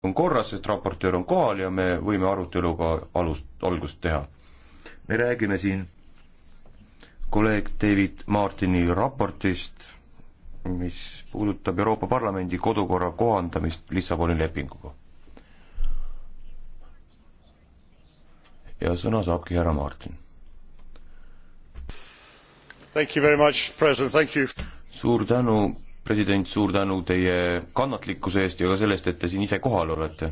on korras, sest raportöör on kohal ja me võime aruteluga alust, algust teha. me räägime siin kolleeg David Martini raportist, mis puudutab Euroopa Parlamendi kodukorra kohandamist Lissaboni lepinguga. ja sõna saabki härra Martin. suur tänu, president, suur tänu teie kannatlikkuse eest ja ka sellest, et te siin ise kohal olete.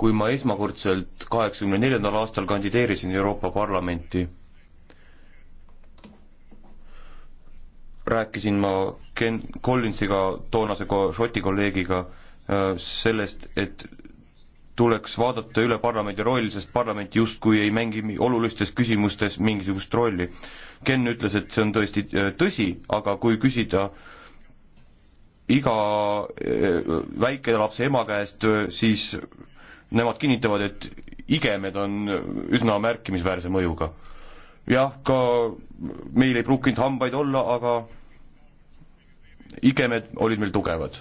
kui ma esmakordselt kaheksakümne neljandal aastal kandideerisin Euroopa Parlamenti, rääkisin ma Ken Collinsiga, toonase ko-, Šoti kolleegiga, äh, sellest, et tuleks vaadata üle parlamendi roll, sest parlament justkui ei mängi olulistes küsimustes mingisugust rolli. Ken ütles, et see on tõesti äh, tõsi, aga kui küsida äh, iga eh, väikelapse ema käest, eh, siis nemad kinnitavad, et igemed on üsna märkimisväärse mõjuga. jah, ka meil ei pruukinud hambaid olla, aga igemed olid meil tugevad.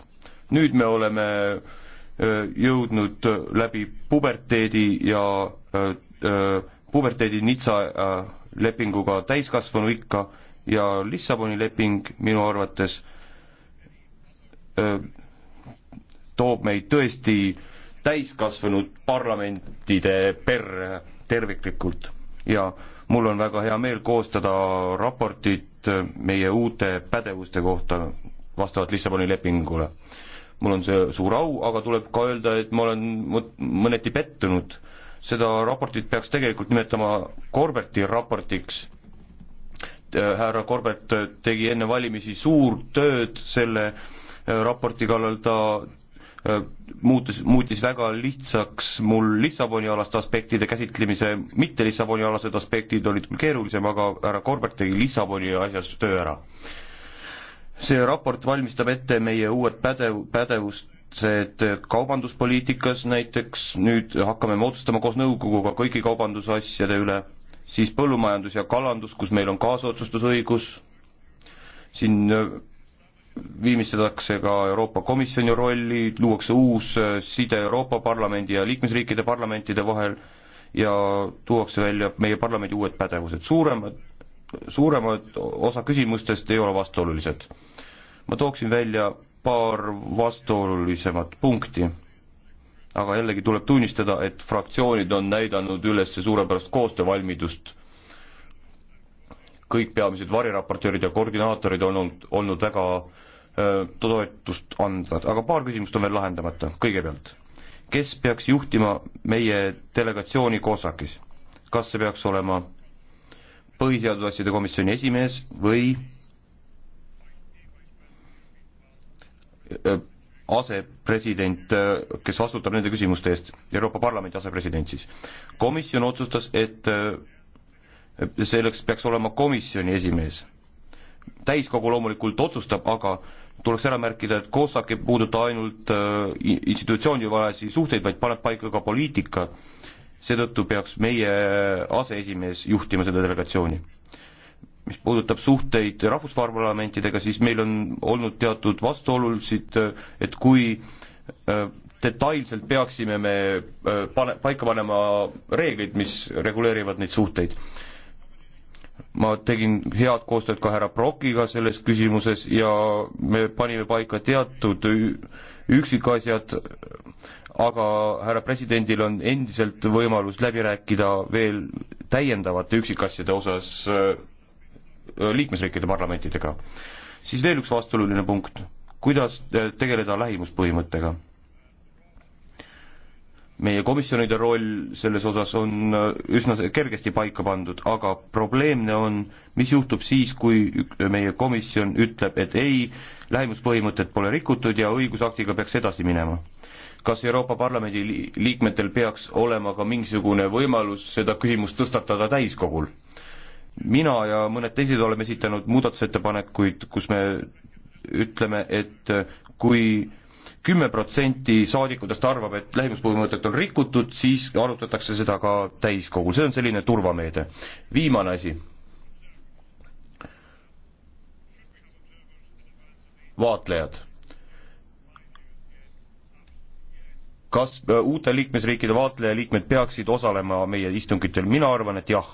nüüd me oleme eh, jõudnud läbi puberteedi ja puberteedi Nitsa lepinguga täiskasvanu ikka ja Lissaboni leping minu arvates äh, toob meid tõesti täiskasvanud parlamentide perre terviklikult ja mul on väga hea meel koostada raportit meie uute pädevuste kohta vastavalt Lissaboni lepingule. mul on see suur au, aga tuleb ka öelda, et ma olen mõneti pettunud. seda raportit peaks tegelikult nimetama Corberti raportiks. Äh, härra Corbett tegi enne valimisi suurt tööd selle äh, raporti kallal ta äh, muutus, muutis väga lihtsaks mul Lissaboni alaste aspektide käsitlemise, mitte Lissaboni alased aspektid olid küll keerulisem, aga härra Korbert tegi Lissaboni asjas töö ära. see raport valmistab ette meie uued pädev, pädevust see, et kaubanduspoliitikas näiteks nüüd hakkame moodustama koos nõukoguga kõigi kaubandusasjade üle, siis põllumajandus ja kalandus, kus meil on kaasotsustusõigus, siin viimistletakse ka Euroopa Komisjoni rolli, luuakse uus äh, side Euroopa Parlamendi ja liikmesriikide parlamentide vahel ja tuuakse välja meie parlamendi uued pädevused, suuremad, suuremad osa küsimustest ei ole vastuolulised. ma tooksin välja paar vastuolulisemat punkti, aga jällegi tuleb tunnistada, et fraktsioonid on näidanud üles suurepärast koostöövalmidust kõik peamised variraportöörid ja koordinaatorid on olnud, olnud väga toetust andvad, aga paar küsimust on veel lahendamata, kõigepealt, kes peaks juhtima meie delegatsiooni COSAC-is? kas see peaks olema põhiseadusasjade komisjoni esimees või asepresident, kes vastutab nende küsimuste eest, Euroopa Parlamendi asepresident siis. komisjon otsustas, et selleks peaks olema komisjoni esimees täiskogu loomulikult otsustab, aga tuleks ära märkida, et COSAC ei puuduta ainult äh, institutsiooni vahelisi suhteid, vaid paneb paika ka poliitika. seetõttu peaks meie aseesimees juhtima seda delegatsiooni. mis puudutab suhteid rahvusparlamentidega, siis meil on olnud teatud vastuolusid, äh, et kui äh, detailselt peaksime me pane, paika panema reeglid, mis reguleerivad neid suhteid ma tegin head koostööd ka härra Brokiga selles küsimuses ja me panime paika teatud üksikasjad, aga härra presidendil on endiselt võimalus läbi rääkida veel täiendavate üksikasjade osas äh, liikmesriikide parlamentidega. siis veel üks vastuoluline punkt, kuidas äh, tegeleda lähimuspõhimõttega meie komisjonide roll selles osas on äh, üsna kergesti paika pandud, aga probleemne on, mis juhtub siis, kui meie komisjon ütleb, et ei, lähimuspõhimõtet pole rikutud ja õigusaktiga peaks edasi minema. kas Euroopa Parlamendi liikmetel peaks olema ka mingisugune võimalus seda küsimust tõstatada täiskogul? mina ja mõned teised oleme esitanud muudatusettepanekuid, kus me ütleme, et kui kümme protsenti saadikutest arvab, et lähimuspõhimõtet on rikutud, siis arutatakse seda ka täiskogul, see on selline turvameede. viimane asi. vaatlejad. kas äh, uute liikmesriikide vaatlejaliikmed peaksid osalema meie istungitel, mina arvan, et jah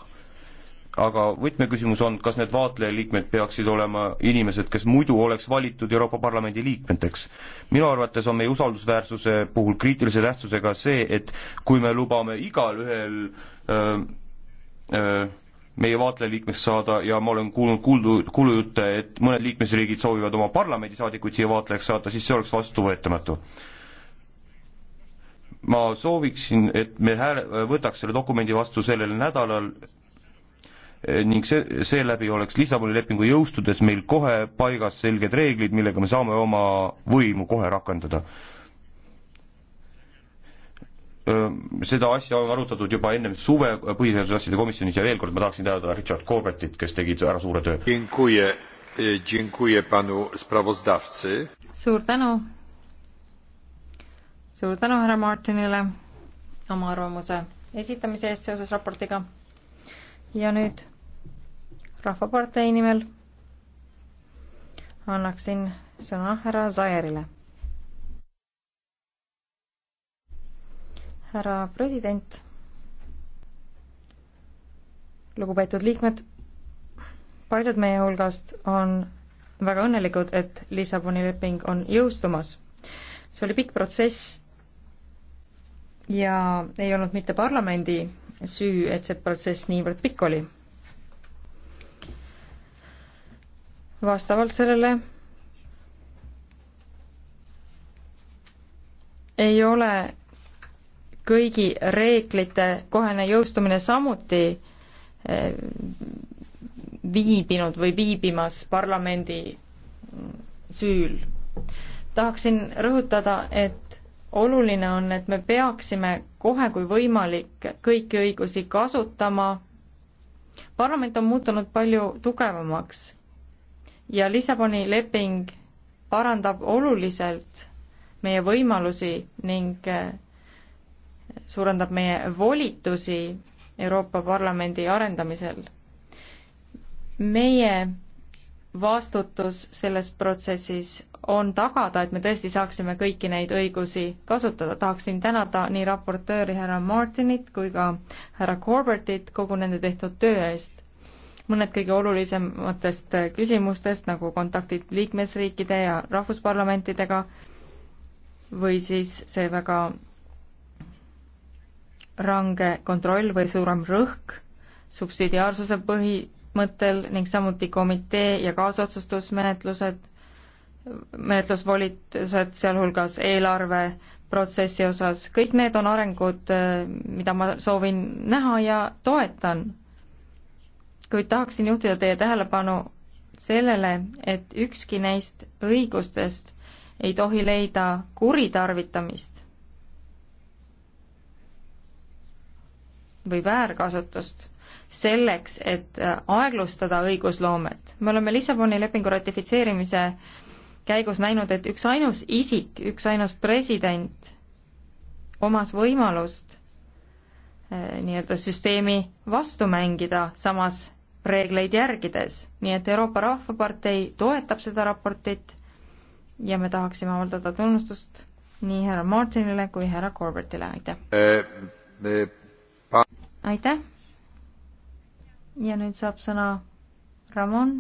aga võtmeküsimus on, kas need vaatlejaliikmed peaksid olema inimesed, kes muidu oleks valitud Euroopa Parlamendi liikmeteks. minu arvates on meie usaldusväärsuse puhul kriitilise tähtsusega see, et kui me lubame igalühel öö, öö, meie vaatlejaliikmeks saada ja ma olen kuulnud kuuldu, kuulujutte, et mõned liikmesriigid soovivad oma parlamendisaadikuid siia vaatlejaks saata, siis see oleks vastuvõetamatu ma sooviksin, et me hääle, võtaks selle dokumendi vastu sellel nädalal Eh, ning see, seeläbi oleks Lissaboni lepingu jõustudes meil kohe paigas selged reeglid, millega me saame oma võimu kohe rakendada. Seda asja on arutatud juba ennem suve põhiseaduse asjade komisjonis ja veel kord ma tahaksin tänada Richard Corbettit, kes tegi ära suure töö. E, suur tänu, suur tänu härra Martinile oma arvamuse esitamise eest seoses raportiga ja nüüd Rahvapartei nimel annaksin sõna härra Zairile. härra president, lugupeetud liikmed, paljud meie hulgast on väga õnnelikud, et Lissaboni leping on jõustumas. see oli pikk protsess ja ei olnud mitte parlamendi süü, et see protsess niivõrd pikk oli. vastavalt sellele ei ole kõigi reeglite kohene jõustumine samuti eh, viibinud või viibimas parlamendi süül. tahaksin rõhutada, et oluline on, et me peaksime kohe, kui võimalik, kõiki õigusi kasutama. parlament on muutunud palju tugevamaks ja Lissaboni leping parandab oluliselt meie võimalusi ning eh, suurendab meie volitusi Euroopa Parlamendi arendamisel. meie vastutus selles protsessis on tagada, et me tõesti saaksime kõiki neid õigusi kasutada. tahaksin tänada nii raportööri härra Martinit kui ka härra Corbertit kogu nende tehtud töö eest. mõned kõige olulisematest küsimustest nagu kontaktid liikmesriikide ja rahvusparlamentidega või siis see väga range kontroll või suurem rõhk subsidiaarsuse põhi mõttel ning samuti komitee ja kaasotsustusmenetlused, menetlusvolitused, sealhulgas eelarve protsessi osas, kõik need on arengud, mida ma soovin näha ja toetan. kuid tahaksin juhtida teie tähelepanu sellele, et ükski neist õigustest ei tohi leida kuritarvitamist või väärkasutust selleks, et äh, aeglustada õigusloomet. me oleme Lissaboni lepingu ratifitseerimise käigus näinud, et üksainus isik, üksainus president omas võimalust äh, nii-öelda süsteemi vastu mängida, samas reegleid järgides. nii et Euroopa Rahvapartei toetab seda raportit ja me tahaksime avaldada tunnustust nii härra Martinile kui härra Corbettile, aitäh! Äh, aitäh! ja nüüd saab sõna Ramon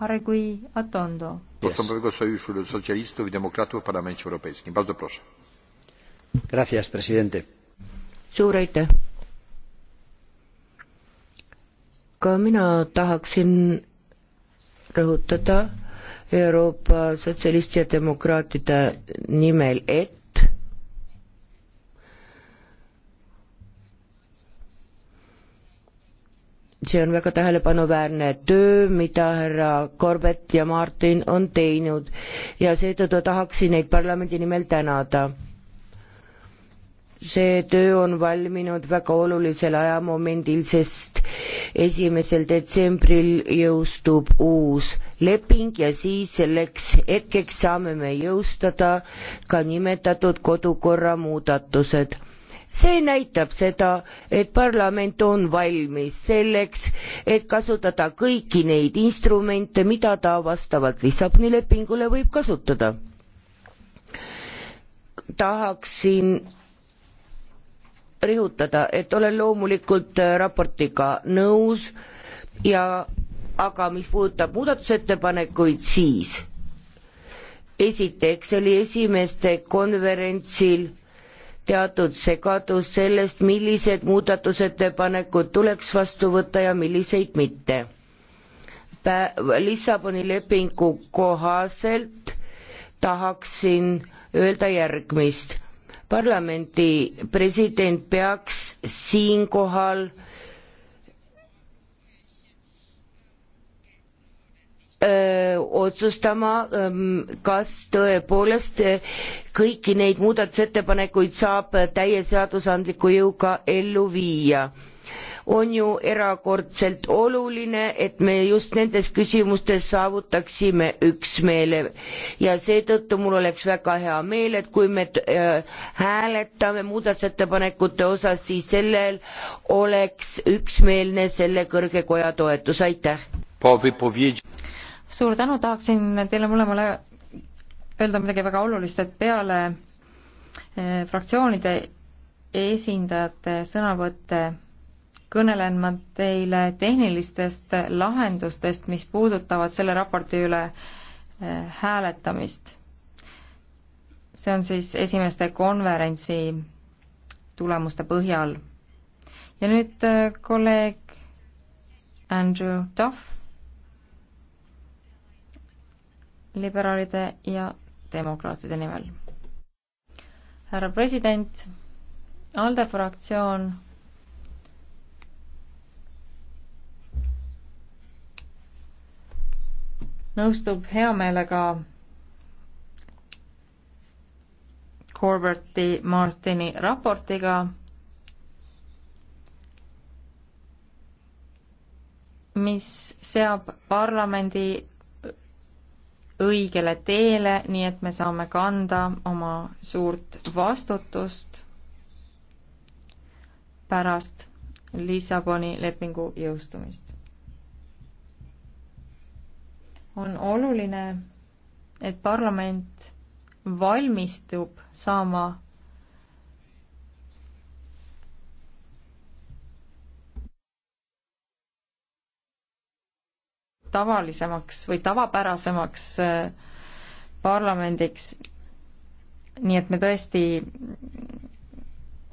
Haregui Atondo. Postępowego Sojuszu Socjalistów i Demokratów w Parlamencie Europejskim. Bardzo proszę. Gracias, presidente. Suur aitäh. Ka mina tahaksin rõhutada Euroopa sotsialistide ja demokraatide nimel, et see on väga tähelepanuväärne töö, mida härra Korbet ja Martin on teinud ja seetõttu tahaksin neid parlamendi nimel tänada. see töö on valminud väga olulisel ajamomendil, sest esimesel detsembril jõustub uus leping ja siis selleks hetkeks saame me jõustada ka nimetatud kodukorra muudatused see näitab seda, et parlament on valmis selleks, et kasutada kõiki neid instrumente, mida ta vastavalt Lissaboni lepingule võib kasutada. tahaksin rõhutada, et olen loomulikult raportiga nõus ja aga mis puudutab muudatusettepanekuid, siis esiteks oli esimeste konverentsil teatud segadus sellest, millised muudatusettepanekud tuleks vastu võtta ja milliseid mitte. Lissaboni lepingu kohaselt tahaksin öelda järgmist. parlamendi president peaks siinkohal äh, otsustama, kas tõepoolest kõiki neid muudatusettepanekuid saab täie seadusandliku jõuga ellu viia. on ju erakordselt oluline, et me just nendes küsimustes saavutaksime üksmeele ja seetõttu mul oleks väga hea meel, et kui me hääletame muudatusettepanekute osas, siis sellel oleks üksmeelne selle kõrge koja toetus, aitäh! po wypowiedzi suur tänu, tahaksin teile mõlemale öelda midagi väga olulist, et peale eh, fraktsioonide esindajate sõnavõtte kõnelen ma teile tehnilistest lahendustest, mis puudutavad selle raporti üle eh, hääletamist. see on siis esimeste konverentsi tulemuste põhjal. ja nüüd eh, kolleeg Andrew Duff liberaalide ja demokraatide nimel. härra president, ALDE fraktsioon nõustub hea meelega Corberti Martini raportiga, mis seab parlamendi õigele teele, nii et me saame kanda oma suurt vastutust pärast Lissaboni lepingu jõustumist. on oluline, et parlament valmistub saama tavalisemaks või tavapärasemaks äh, parlamendiks. nii et me tõesti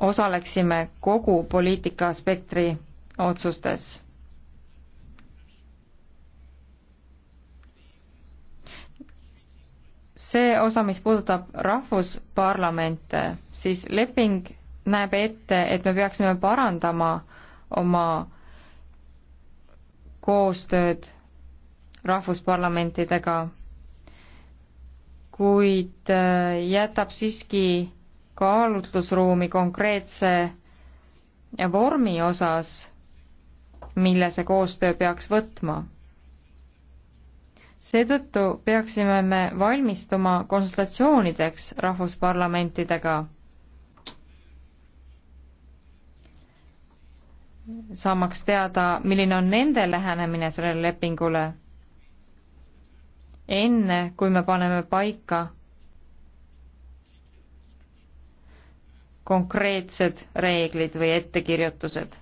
osaleksime kogu poliitika spektri otsustes. see osa, mis puudutab rahvusparlamente, siis leping näeb ette, et me peaksime parandama oma koostööd rahvusparlamentidega, kuid äh, jätab siiski kaalutlusruumi konkreetse vormi osas, mille see koostöö peaks võtma. seetõttu peaksime me valmistuma konsultatsioonideks rahvusparlamentidega, saamaks teada, milline on nende lähenemine sellele lepingule enne, kui me paneme paika konkreetsed reeglid või ettekirjutused.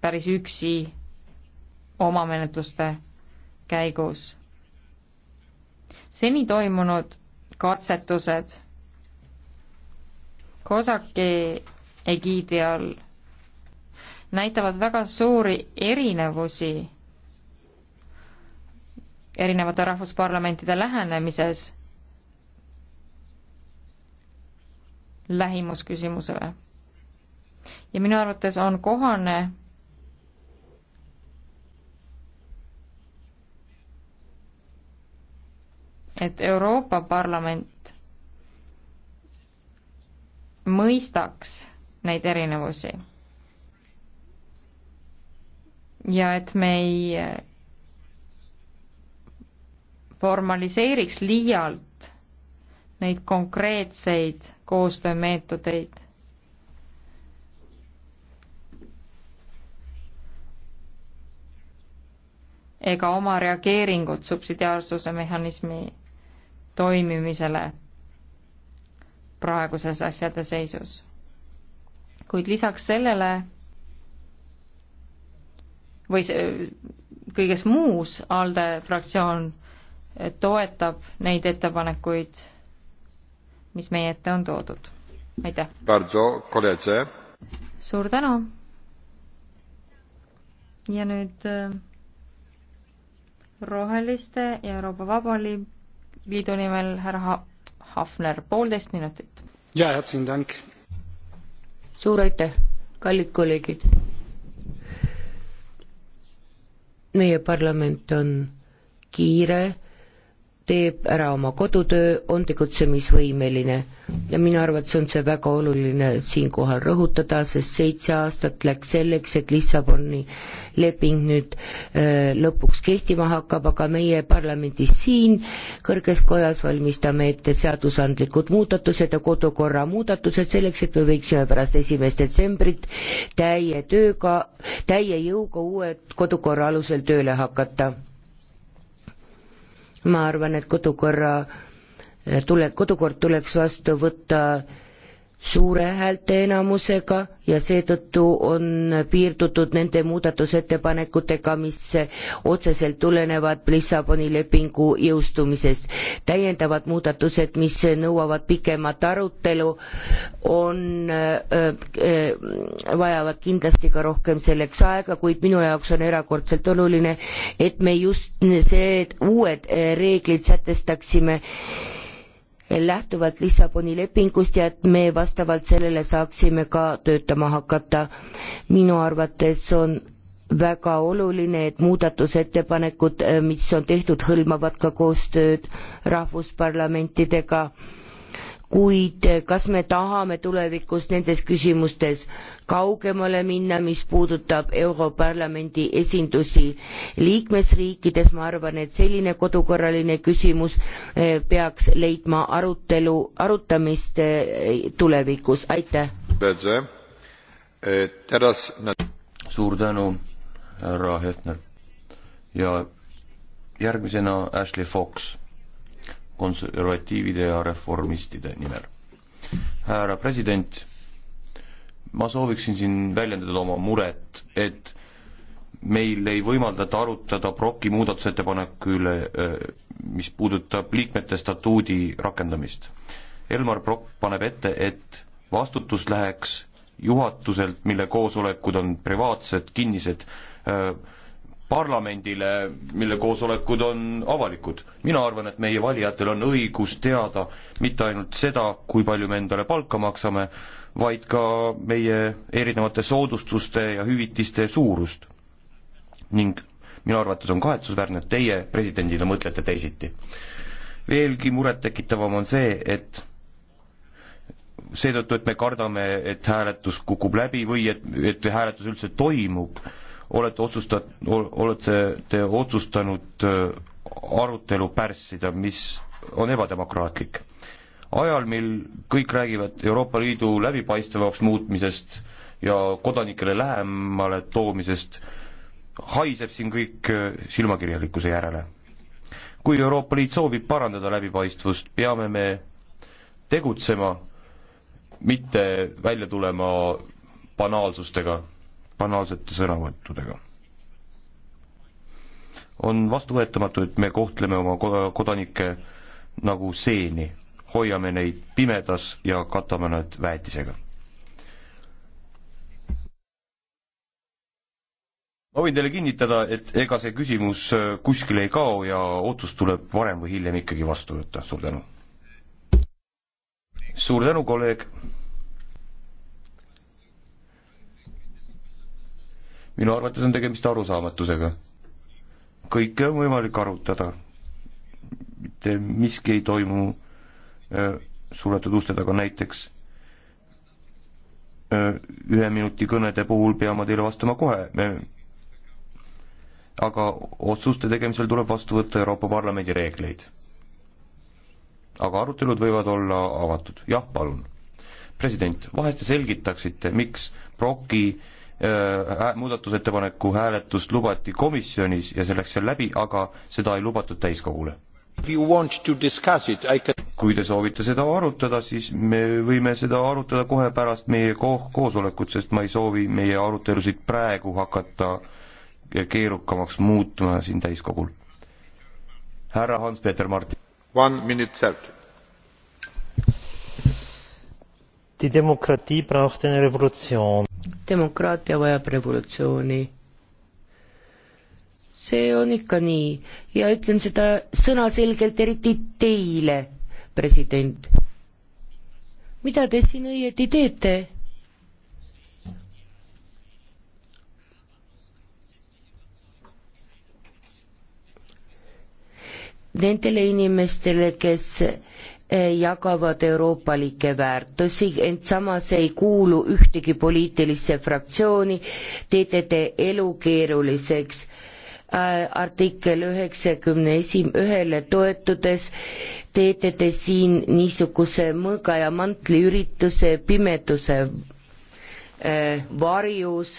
päris üksi oma menetluste käigus. seni toimunud katsetused Kosaki egiidi all näitavad väga suuri erinevusi erinevate rahvusparlamentide lähenemises lähimusküsimusele. ja minu arvates on kohane et Euroopa Parlament mõistaks neid erinevusi ja et me ei formaliseeriks liialt neid konkreetseid koostöömeetodeid. ega oma reageeringut subsidiaarsuse mehhanismi toimimisele praeguses asjade seisus. kuid lisaks sellele või see, kõiges muus ALDE fraktsioon toetab neid ettepanekuid, mis meie ette on toodud. aitäh! suur tänu! ja nüüd äh, Roheliste ja Euroopa Vabaliidu nimel härra Hafner, poolteist minutit. jaa, herzlichen Dank! suur aitäh, kallid kolleegid! meie parlament on kiire teeb ära oma kodutöö, on tegutsemisvõimeline. ja minu arvates on see väga oluline siinkohal rõhutada, sest seitse aastat läks selleks, et Lissaboni leping nüüd öö, lõpuks kehtima hakkab, aga meie parlamendis siin kõrges kojas valmistame ette seadusandlikud muudatused ja kodukorra muudatused selleks, et me võiksime pärast esimest detsembrit täie tööga, täie jõuga uue kodukorra alusel tööle hakata ma arvan, et kodukorra eh, tule, kodukord tuleks vastu võtta suure häälteenamusega ja seetõttu on piirdutud nende muudatusettepanekutega, mis otseselt tulenevad Lissaboni lepingu jõustumisest. täiendavad muudatused, mis nõuavad pikemat arutelu, on äh,, äh, vajavad kindlasti ka rohkem selleks aega, kuid minu jaoks on erakordselt oluline, et me just need uued äh, reeglid sätestaksime äh, lähtuvalt Lissaboni lepingust ja et me vastavalt sellele saaksime ka töötama hakata. minu arvates on väga oluline, et muudatusettepanekud, mis on tehtud, hõlmavad ka koostööd rahvusparlamentidega kuid kas me tahame tulevikus nendes küsimustes kaugemale minna, mis puudutab Europarlamendi esindusi liikmesriikides, ma arvan, et selline kodukorraline küsimus eh, peaks leidma arutelu, arutamist eh, tulevikus, aitäh. Eh, suur tänu, härra Hefner. ja järgmisena Ashley Fox konservatiivide ja reformistide nimel. härra president, ma sooviksin siin väljendada oma muret, et meil ei võimaldata arutada Proki muudatusettepaneku üle, eh, mis puudutab liikmete statuudi rakendamist. Elmar Prokk paneb ette, et vastutus läheks juhatuselt, mille koosolekud on privaatsed, kinnised äh,, parlamendile, mille koosolekud on avalikud. mina arvan, et meie valijatel on õigus teada mitte ainult seda, kui palju me endale palka maksame, vaid ka meie erinevate soodustuste ja hüvitiste suurust. ning minu arvates on kahetsusväärne, et teie presidendina mõtlete teisiti. veelgi murettekitavam on see, et seetõttu, et me kardame, et hääletus kukub läbi või et, et hääletus üldse toimub, olete otsusta-, olete te otsustanud äh, arutelu pärssida, mis on ebademokraatlik. ajal, mil kõik räägivad Euroopa Liidu läbipaistvamaks muutmisest ja kodanikele lähemale toomisest, haiseb siin kõik äh, silmakirjalikkuse järele. kui Euroopa Liit soovib parandada läbipaistvust, peame me tegutsema, mitte välja tulema banaalsustega banaalsete sõnavõttudega. on vastuvõetamatu, et me kohtleme oma kodanikke nagu seeni, hoiame neid pimedas ja katame nad väetisega. ma võin teile kinnitada, et ega see küsimus äh, kuskile ei kao ja otsus tuleb varem või hiljem ikkagi vastu võtta, suur tänu. suur tänu, kolleeg. minu arvates on tegemist arusaamatusega. kõike on võimalik arutada, mitte miski ei toimu äh, suletud uste taga, näiteks äh, ühe minuti kõnede puhul pean ma teile vastama kohe, aga otsuste tegemisel tuleb vastu võtta Euroopa Parlamendi reegleid. aga arutelud võivad olla avatud, jah, palun. president, vahest te selgitaksite, miks Brocki äh, Äh, muudatusettepaneku hääletust lubati komisjonis ja see läks seal läbi, aga seda ei lubatud täiskogule. Can... kui te soovite seda arutada, siis me võime seda arutada kohe pärast meie ko-, koosolekut, sest ma ei soovi meie arutelusid praegu hakata keerukamaks muutma siin täiskogul. härra Hans-Peter Martin. One minute thirty Die Demokratie braucht eine Revolution. demokraatia vajab revolutsiooni. see on ikka nii ja ütlen seda sõnaselgelt eriti teile, president. mida te siin õieti teete? Nendele inimestele, kes jagavad euroopalikke väärtusi, ent samas ei kuulu ühtegi poliitilisse fraktsiooni, teete elu keeruliseks äh, artikkel üheksakümne esim-, ühele toetudes teete te siin niisuguse mõõga ja mantli ürituse pimeduse äh, varjus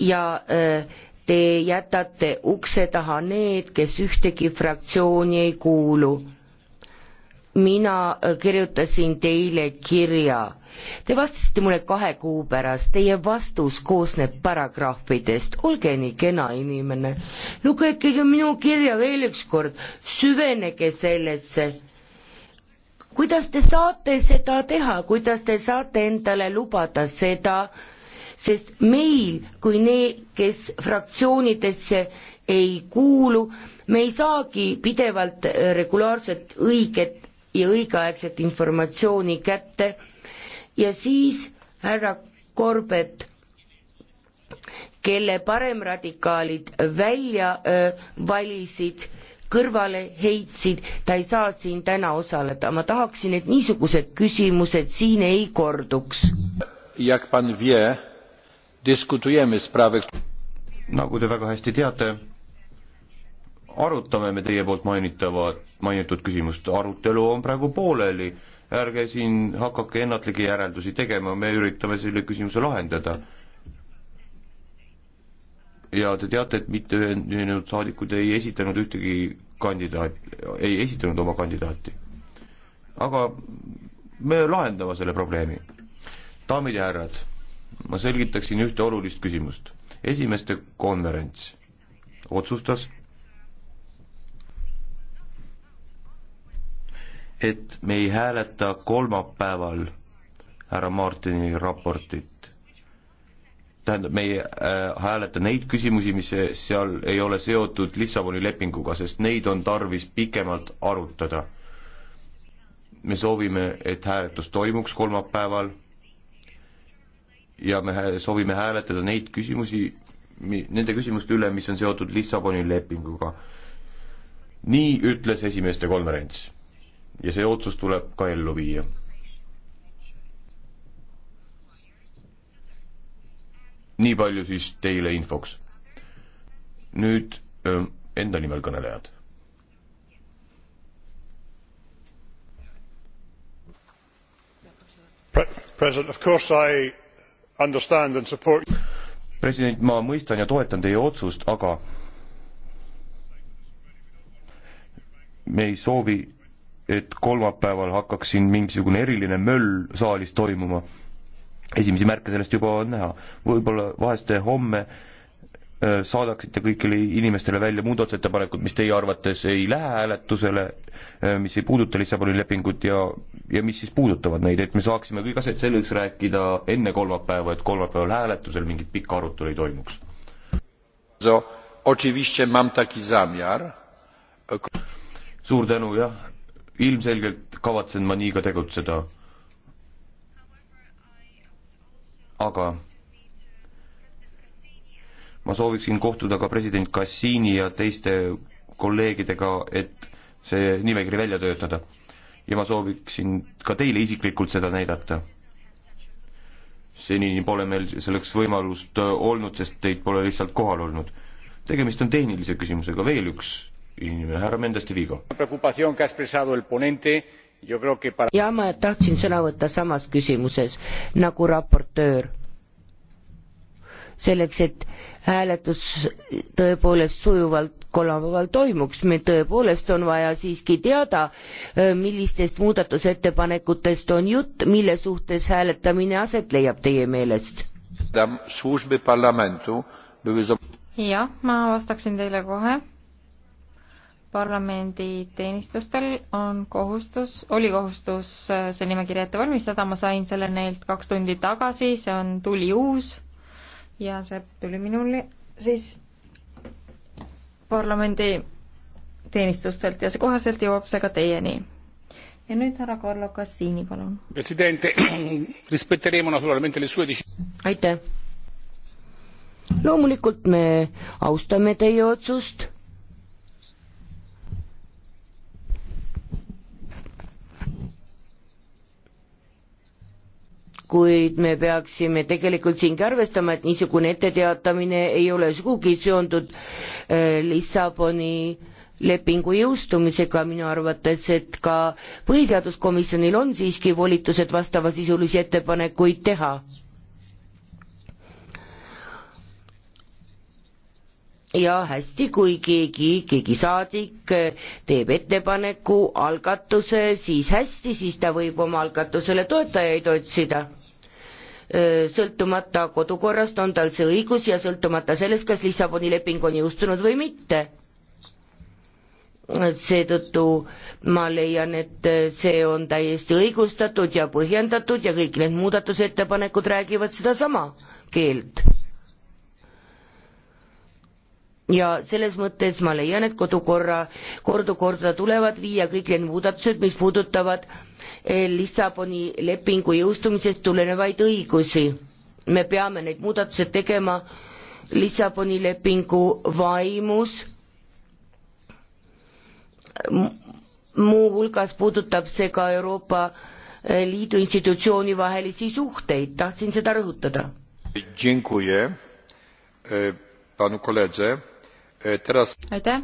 ja äh, te jätate ukse taha need, kes ühtegi fraktsiooni ei kuulu mina kirjutasin teile kirja. Te vastasite mulle kahe kuu pärast, teie vastus koosneb paragrahvidest, olge nii kena inimene, lugege minu kirja veel ükskord, süvenege sellesse. kuidas te saate seda teha, kuidas te saate endale lubada seda, sest meil kui need, kes fraktsioonidesse ei kuulu, me ei saagi pidevalt regulaarset õiget ja õigeaegset informatsiooni kätte ja siis härra Korbet, kelle paremradikaalid välja öö, valisid, kõrvale heitsid, ta ei saa siin täna osaleda, ma tahaksin, et niisugused küsimused siin ei korduks. nagu te väga hästi teate, arutame me teie poolt mainitavat mainitud küsimust, arutelu on praegu pooleli, ärge siin hakake ennatlikke järeldusi tegema, me üritame selle küsimuse lahendada. ja te teate, et mitte ühinenud saadikud ei esitanud ühtegi kandidaat, ei esitanud oma kandidaati. aga me lahendame selle probleemi. daamid ja härrad, ma selgitaksin ühte olulist küsimust. esimeste konverents otsustas et me ei hääleta kolmapäeval härra Martini raportit. tähendab, me ei äh, hääleta neid küsimusi, mis seal ei ole seotud Lissaboni lepinguga, sest neid on tarvis pikemalt arutada. me soovime, et hääletus toimuks kolmapäeval ja me soovime hääletada neid küsimusi, nende küsimuste üle, mis on seotud Lissaboni lepinguga. nii ütles esimeeste konverents ja see otsus tuleb ka ellu viia. nii palju siis teile infoks. nüüd öö, enda nimel kõnelejad. president, of course I understand and support president, ma mõistan ja toetan teie otsust, aga me ei soovi et kolmapäeval hakkaks siin mingisugune eriline möll saalis toimuma. esimesi märke sellest juba on näha. võib-olla vahest te homme äh, saadaksite kõikidele inimestele välja muudatusettepanekud, mis teie arvates ei lähe hääletusele, äh, mis ei puuduta Lissaboni lepingut ja, ja mis siis puudutavad neid, et me saaksime kõik asjad selgeks rääkida enne kolmapäeva, et kolmapäeval hääletusel mingit pikka arutelu ei toimuks. suur tänu, jah ilmselgelt kavatsen ma nii ka tegutseda. aga ma sooviksin kohtuda ka president Cassini ja teiste kolleegidega, et see nimekiri välja töötada. ja ma sooviksin ka teile isiklikult seda näidata. senini pole meil selleks võimalust olnud, sest teid pole lihtsalt kohal olnud. tegemist on tehnilise küsimusega, veel üks härra Mendes de Vigo. ja ma tahtsin sõna võtta samas küsimuses nagu raportöör. selleks, et hääletus tõepoolest sujuvalt kolmapäeval toimuks, meil tõepoolest on vaja siiski teada, äh, millistest muudatusettepanekutest on jutt, mille suhtes hääletamine aset leiab teie meelest? jah, ma vastaksin teile kohe parlamendi teenistustel on kohustus, oli kohustus äh, see nimekiri ette valmistada, ma sain selle neilt kaks tundi tagasi, see on tuli uus ja see tuli minul siis parlamendi teenistustelt ja see koheselt jõuab see ka teieni. ja nüüd härra Carlo Cassini, palun. aitäh. loomulikult me austame teie otsust kuid me peaksime tegelikult siingi arvestama, et niisugune etteteatamine ei ole sugugi seondud äh, Lissaboni lepingu jõustumisega minu arvates, et ka põhiseaduskomisjonil on siiski volitused vastavasisulisi ettepanekuid teha. ja hästi, kui keegi, keegi saadik äh, teeb ettepaneku, algatuse, siis hästi, siis ta võib oma algatusele toetajaid otsida Äh, sõltumata kodukorrast on tal see õigus ja sõltumata sellest, kas Lissaboni leping on jõustunud või mitte. seetõttu ma leian, et see on täiesti õigustatud ja põhjendatud ja kõik need muudatusettepanekud räägivad sedasama keelt. ja selles mõttes ma leian, et kodukorra, kordukorda tulevad viia kõik need muudatused, mis puudutavad äh, Eh, Lissaboni lepingu jõustumisest tulenevaid õigusi. me peame need muudatused tegema Lissaboni lepingu vaimus, muuhulgas puudutab see ka Euroopa eh, Liidu institutsiooni vahelisi suhteid, tahtsin seda rõhutada. Eh, aitäh,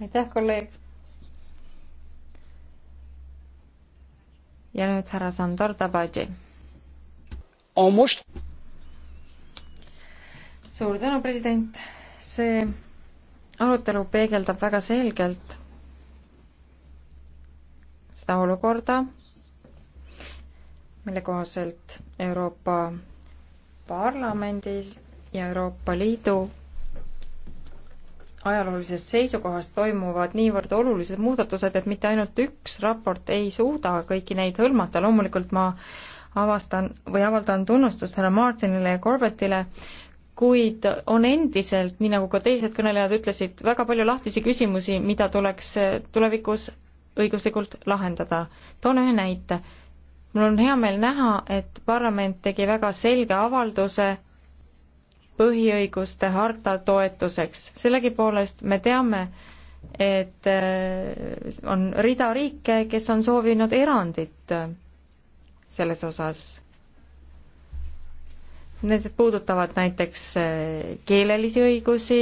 aitäh kolleeg ja nüüd härra Sandor Tabadi. suur tänu, president. see arutelu peegeldab väga selgelt seda olukorda, mille kohaselt Euroopa Parlamendis ja Euroopa Liidu ajaloolisest seisukohast toimuvad niivõrd olulised muudatused, et mitte ainult üks raport ei suuda kõiki neid hõlmata, loomulikult ma avastan või avaldan tunnustust härra Martinile ja Corbettile, kuid on endiselt, nii nagu ka teised kõnelejad ütlesid, väga palju lahtisi küsimusi, mida tuleks tulevikus õiguslikult lahendada. toon ühe näite. mul on hea meel näha, et parlament tegi väga selge avalduse põhiõiguste harta toetuseks. sellegipoolest me teame, et äh, on rida riike, kes on soovinud erandit selles osas. Need puudutavad näiteks äh, keelelisi õigusi,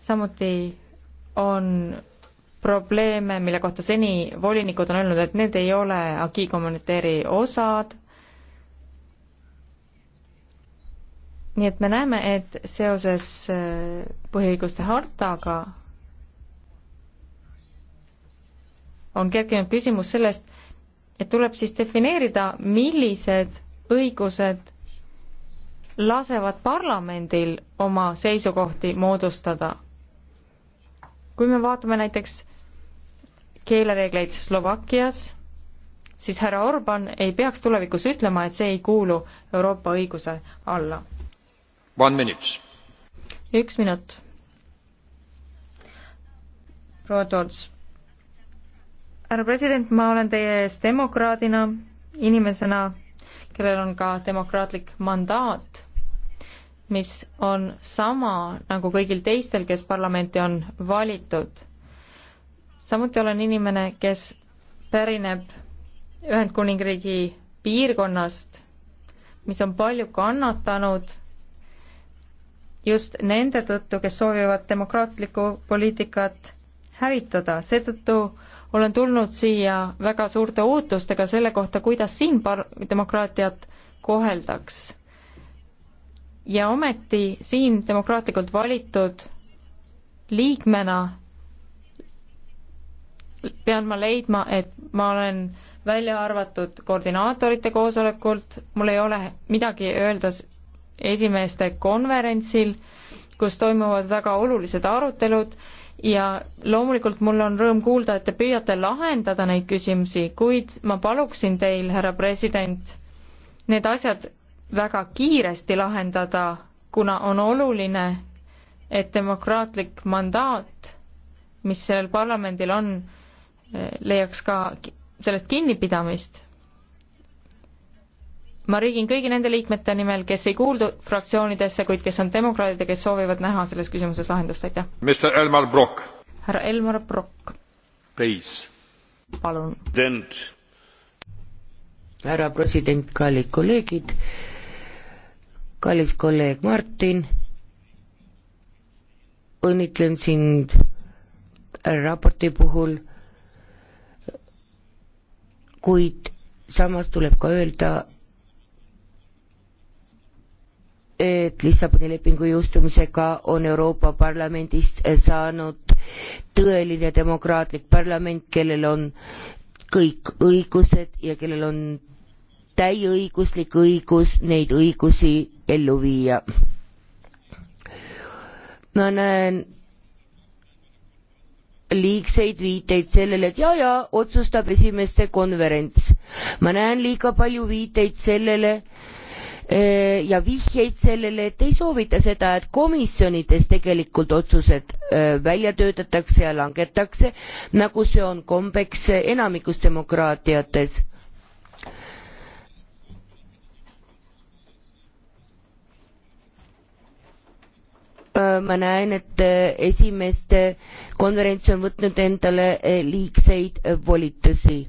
samuti on probleeme, mille kohta seni volinikud on öelnud, et need ei ole agi kommuniteeri osad nii et me näeme, et seoses äh, põhiõiguste hartaga on kerkinud küsimus sellest, et tuleb siis defineerida, millised õigused lasevad parlamendil oma seisukohti moodustada. kui me vaatame näiteks keelereegleid Slovakkias, siis härra Orban ei peaks tulevikus ütlema, et see ei kuulu Euroopa õiguse alla üks minut. proua George. härra president, ma olen teie ees demokraadina, inimesena, kellel on ka demokraatlik mandaat, mis on sama nagu kõigil teistel, kes parlamenti on valitud. samuti olen inimene, kes pärineb Ühendkuningriigi piirkonnast, mis on palju kannatanud just nende tõttu, kes soovivad demokraatlikku poliitikat hävitada, seetõttu olen tulnud siia väga suurte ootustega selle kohta, kuidas siin par-, demokraatiat koheldaks. ja ometi siin demokraatlikult valitud liikmena pean ma leidma, et ma olen välja arvatud koordinaatorite koosolekult, mul ei ole midagi öelda esimeeste konverentsil, kus toimuvad väga olulised arutelud ja loomulikult mul on rõõm kuulda, et te püüate lahendada neid küsimusi, kuid ma paluksin teil, härra president, need asjad väga kiiresti lahendada, kuna on oluline, et demokraatlik mandaat, mis sellel parlamendil on, eh, leiaks ka sellest kinnipidamist ma riigin kõigi nende liikmete nimel, kes ei kuuldu fraktsioonidesse, kuid kes on demokraadid ja kes soovivad näha selles küsimuses lahendust, aitäh. härra Elmar Brokk. palun. härra president, kallid kolleegid, kallis kolleeg Martin, õnnitlen sind raporti puhul, kuid samas tuleb ka öelda, et Lissaboni lepingu jõustumisega on Euroopa Parlamendist saanud tõeline demokraatlik parlament, kellel on kõik õigused ja kellel on täieõiguslik õigus neid õigusi ellu viia. ma näen liigseid viiteid sellele, et jaa-jaa, otsustab esimeste konverents. ma näen liiga palju viiteid sellele, Äh, ja vihjeid sellele, et ei soovita seda, et komisjonides tegelikult otsused äh, välja töötatakse ja langetakse, nagu see on kombeks enamikus demokraatiates. Äh, ma näen, et esimeste konverents on võtnud endale liigseid volitusi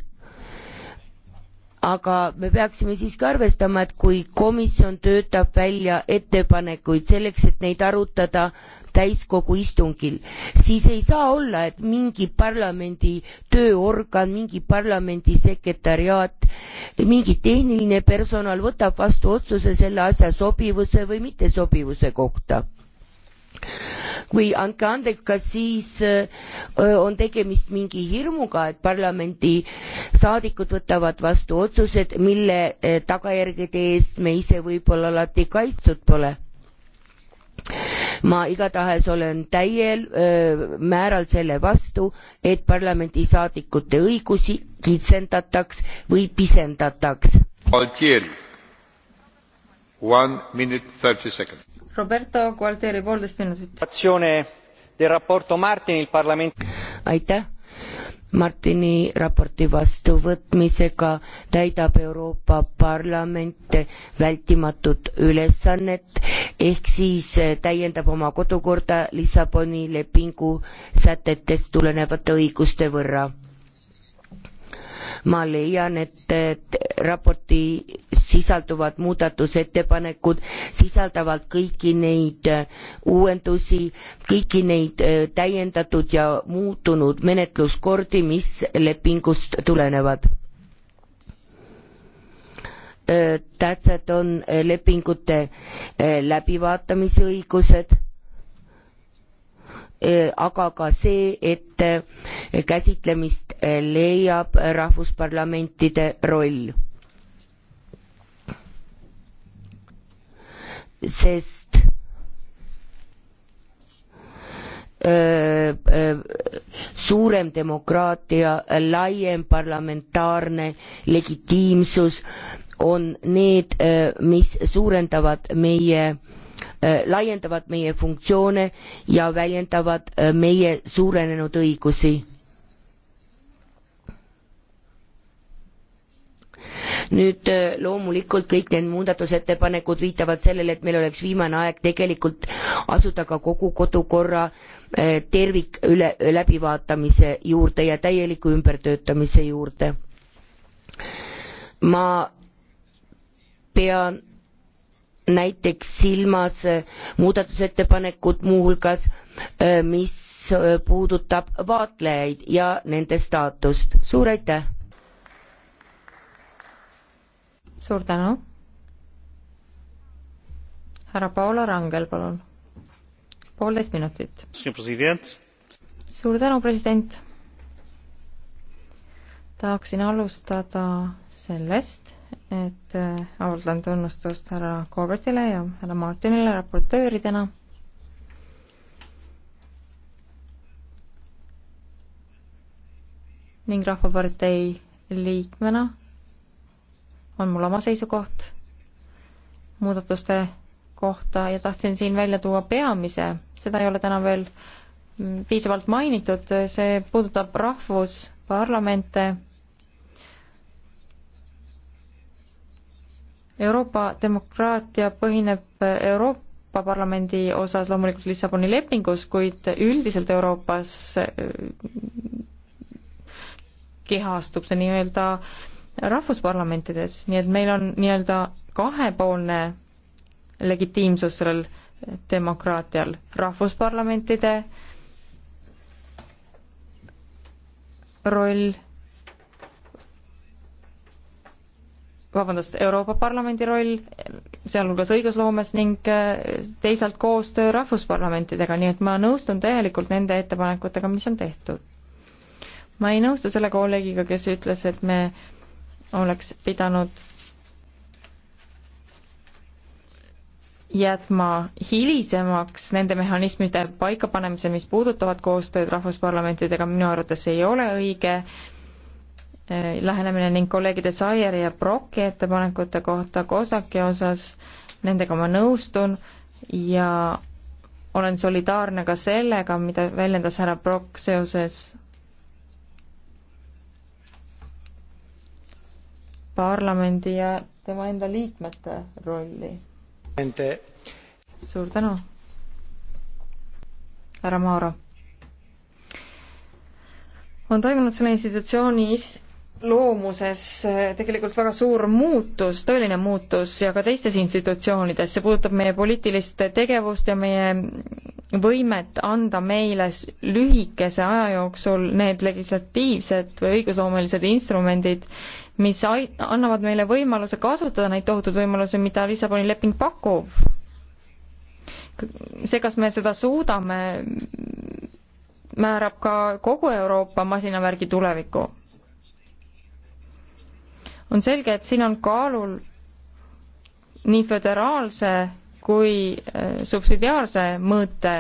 aga me peaksime siiski arvestama, et kui komisjon töötab välja ettepanekuid selleks, et neid arutada täiskogu istungil, siis ei saa olla, et mingi parlamendi tööorgan, mingi parlamendi sekretariaat, mingi tehniline personal võtab vastu otsuse selle asja sobivuse või mittesobivuse kohta kui andke andeks, kas siis äh, on tegemist mingi hirmuga, et parlamendi saadikud võtavad vastu otsused, mille äh, tagajärgede eest me ise võib-olla alati kaitstud pole? ma igatahes olen täiel öö, äh, määral selle vastu, et parlamendisaadikute õigusi kitsendataks või pisendataks. Gualtieri, one minute thirty seconds Roberto Gualtieri, poolteist minutit. aitäh. Martini raporti vastuvõtmisega täidab Euroopa Parlament vältimatut ülesannet ehk siis täiendab oma kodukorda Lissaboni lepingu sätetest tulenevate õiguste võrra ma leian, et, et raporti sisalduvad muudatusettepanekud sisaldavad kõiki neid äh, uuendusi, kõiki neid äh, täiendatud ja muutunud menetluskordi, mis lepingust tulenevad äh, tähtsad on lepingute läbivaatamise õigused aga ka see, et äh, käsitlemist äh, leiab rahvusparlamentide roll. sest äh, suurem demokraatia, laiem parlamentaarne legitiimsus on need, mis suurendavad meie Äh, laiendavad meie funktsioone ja väljendavad äh, meie suurenenud õigusi. nüüd äh, loomulikult kõik need muudatusettepanekud viitavad sellele, et meil oleks viimane aeg tegelikult asuda ka kogu kodukorra tervik üle, läbivaatamise juurde ja täieliku ümbertöötamise juurde. ma pean näiteks silmas äh, muudatusettepanekut muuhulgas, äh, mis äh, puudutab vaatlejaid ja nende staatust. suur aitäh! suur tänu! härra Paula Rangel, palun. poolteist minutit. suur tänu, president. tahaksin alustada sellest, et äh, avaldan tunnustust härra Corbettile ja härra Martinile raportööridena. ning Rahvapartei liikmena on mul oma seisukoht muudatuste kohta ja tahtsin siin välja tuua peamise, seda ei ole täna veel mm, piisavalt mainitud, see puudutab rahvusparlamente Euroopa demokraatia põhineb Euroopa Parlamendi osas loomulikult Lissaboni lepingus, kuid üldiselt Euroopas äh, kehastub see nii-öelda rahvusparlamentides, nii et meil on nii-öelda kahepoolne legitiimsus sellel demokraatial, rahvusparlamentide roll vabandust, Euroopa Parlamendi roll, sealhulgas õigusloomes ning äh, teisalt koostöö rahvusparlamentidega, nii et ma nõustun täielikult nende ettepanekutega, mis on tehtud. ma ei nõustu selle kolleegiga, kes ütles, et me oleks pidanud jätma hilisemaks nende mehhanismide paikapanemise, mis puudutavad koostööd rahvusparlamentidega, minu arvates ei ole õige, Äh, lähenemine ning kolleegide Saieri ja Broki ettepanekute kohta COSAC-i osas, nendega ma nõustun ja olen solidaarne ka sellega, mida väljendas härra Brock seoses parlamendi ja tema enda liikmete rolli. suur tänu, härra Maaro. on toimunud selle institutsiooni is loomuses eh, tegelikult väga suur muutus, tõeline muutus ja ka teistes institutsioonides, see puudutab meie poliitilist tegevust ja meie võimet anda meile lühikese aja jooksul need legislatiivsed või õigusloomelised instrumendid, mis ait-, annavad meile võimaluse kasutada neid tohutuid võimalusi, mida Lissaboni leping pakub. see, kas me seda suudame, määrab ka kogu Euroopa masinavärgi tulevikku on selge, et siin on kaalul nii föderaalse kui äh, subsidiaarse mõõte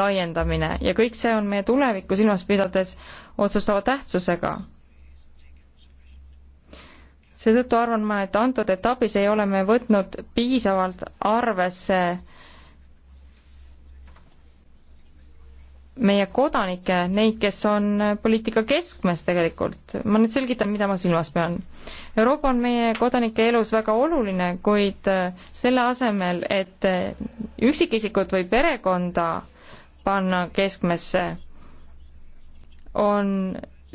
laiendamine ja kõik see on meie tulevikku silmas pidades otsustava tähtsusega. seetõttu arvan ma, et antud etapis ei ole me võtnud piisavalt arvesse meie kodanikke, neid, kes on poliitika keskmes tegelikult. ma nüüd selgitan, mida ma silmas pean. Euroopa on meie kodanike elus väga oluline, kuid äh, selle asemel, et äh, üksikisikut või perekonda panna keskmesse, on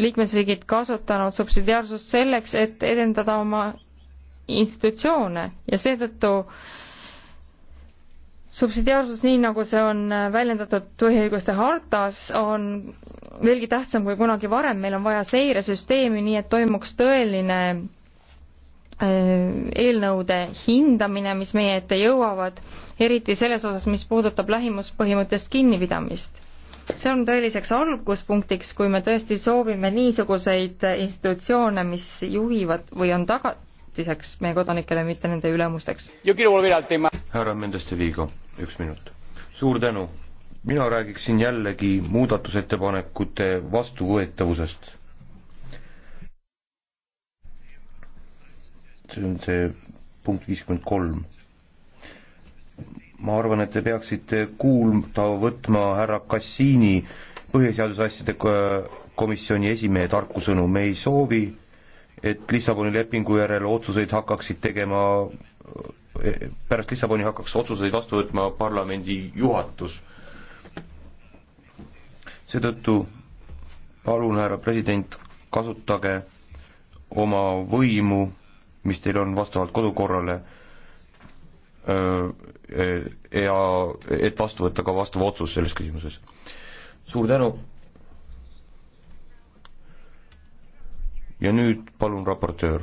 liikmesriigid kasutanud subsidiaarsust selleks, et edendada oma institutsioone ja seetõttu äh, subsidiaarsus, nii nagu see on äh, väljendatud põhiõiguste hartas, on veelgi tähtsam kui kunagi varem, meil on vaja seiresüsteemi, nii et toimuks tõeline äh, eelnõude hindamine, mis meie ette jõuavad, eriti selles osas, mis puudutab lähimuspõhimõttest kinnipidamist. see on tõeliseks alguspunktiks, kui me tõesti soovime niisuguseid äh, institutsioone, mis juhivad või on taga-, tagatiseks meie kodanikele, mitte nende ülemusteks. härra Mendeste Viigo üks minut. suur tänu. mina räägiksin jällegi muudatusettepanekute vastuvõetavusest. see on see punkt viiskümmend kolm. ma arvan, et te peaksite kuulda võtma härra Kassiini põhiseaduse asjade komisjoni esimehe tarkusõnu, me ei soovi, et Lissaboni lepingu järel otsuseid hakkaksid tegema pärast Lissaboni hakkaks otsuseid vastu võtma parlamendi juhatus. seetõttu palun, härra president, kasutage oma võimu, mis teil on vastavalt kodukorrale, e, ja et vastu võtta ka vastav otsus selles küsimuses. suur tänu. ja nüüd palun raportöör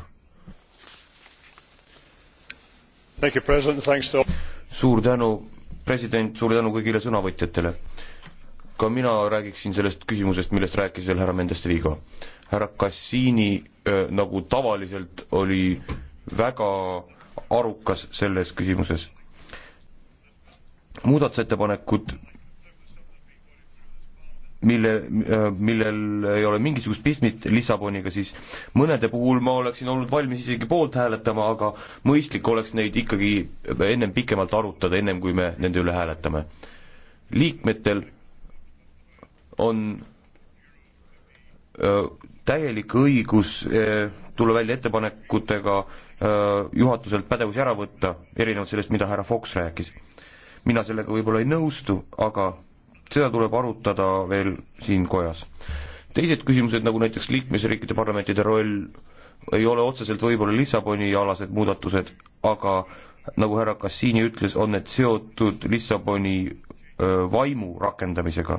suur tänu, president, suur tänu kõigile sõnavõtjatele. ka mina räägiksin sellest küsimusest, millest rääkis veel härra Mendeste Vigo. härra Cassini äh, nagu tavaliselt oli väga arukas selles küsimuses. muudatusettepanekud mille, äh, millel ei ole mingisugust pistmit Lissaboniga, siis mõnede puhul ma oleksin olnud valmis isegi poolt hääletama, aga mõistlik oleks neid ikkagi ennem pikemalt arutada, ennem kui me nende üle hääletame. liikmetel on öö, äh, täielik õigus öö, äh, tulla välja ettepanekutega öö, juhatuselt pädevusi ära võtta, erinevalt sellest, mida härra Fox rääkis. mina sellega võib-olla ei nõustu, aga seda tuleb arutada veel siin kojas. teised küsimused, nagu näiteks liikmesriikide parlamentide roll, ei ole otseselt võib-olla Lissaboni alased muudatused, aga nagu härra Cassini ütles, on need seotud Lissaboni öö, vaimu rakendamisega,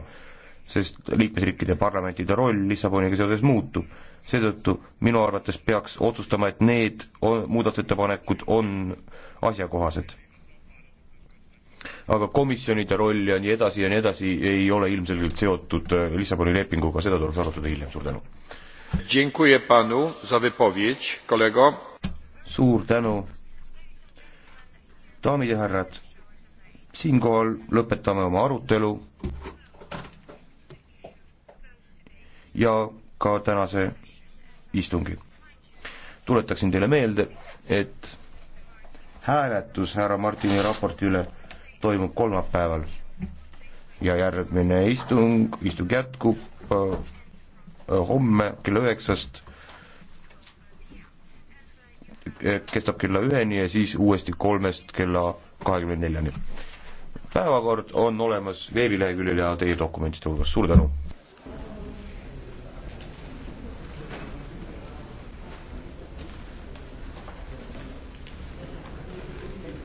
sest liikmesriikide parlamentide roll Lissaboniga seoses muutub. seetõttu minu arvates peaks otsustama, et need on, muudatusettepanekud on asjakohased aga komisjonide roll ja nii edasi ja nii edasi ei ole ilmselgelt seotud äh, Lissaboni lepinguga, seda tuleks arutada hiljem, suur tänu. suur tänu. daamid ja härrad, siinkohal lõpetame oma arutelu ja ka tänase istungi. tuletaksin teile meelde, et hääletus härra Martini raporti üle toimub kolmapäeval. ja järgmine istung, istung jätkub äh, äh, homme kella üheksast, kestab kella üheni ja siis uuesti kolmest kella kahekümne neljani. päevakord on olemas veebileheküljel ja teie dokumentide hulgas, suur tänu!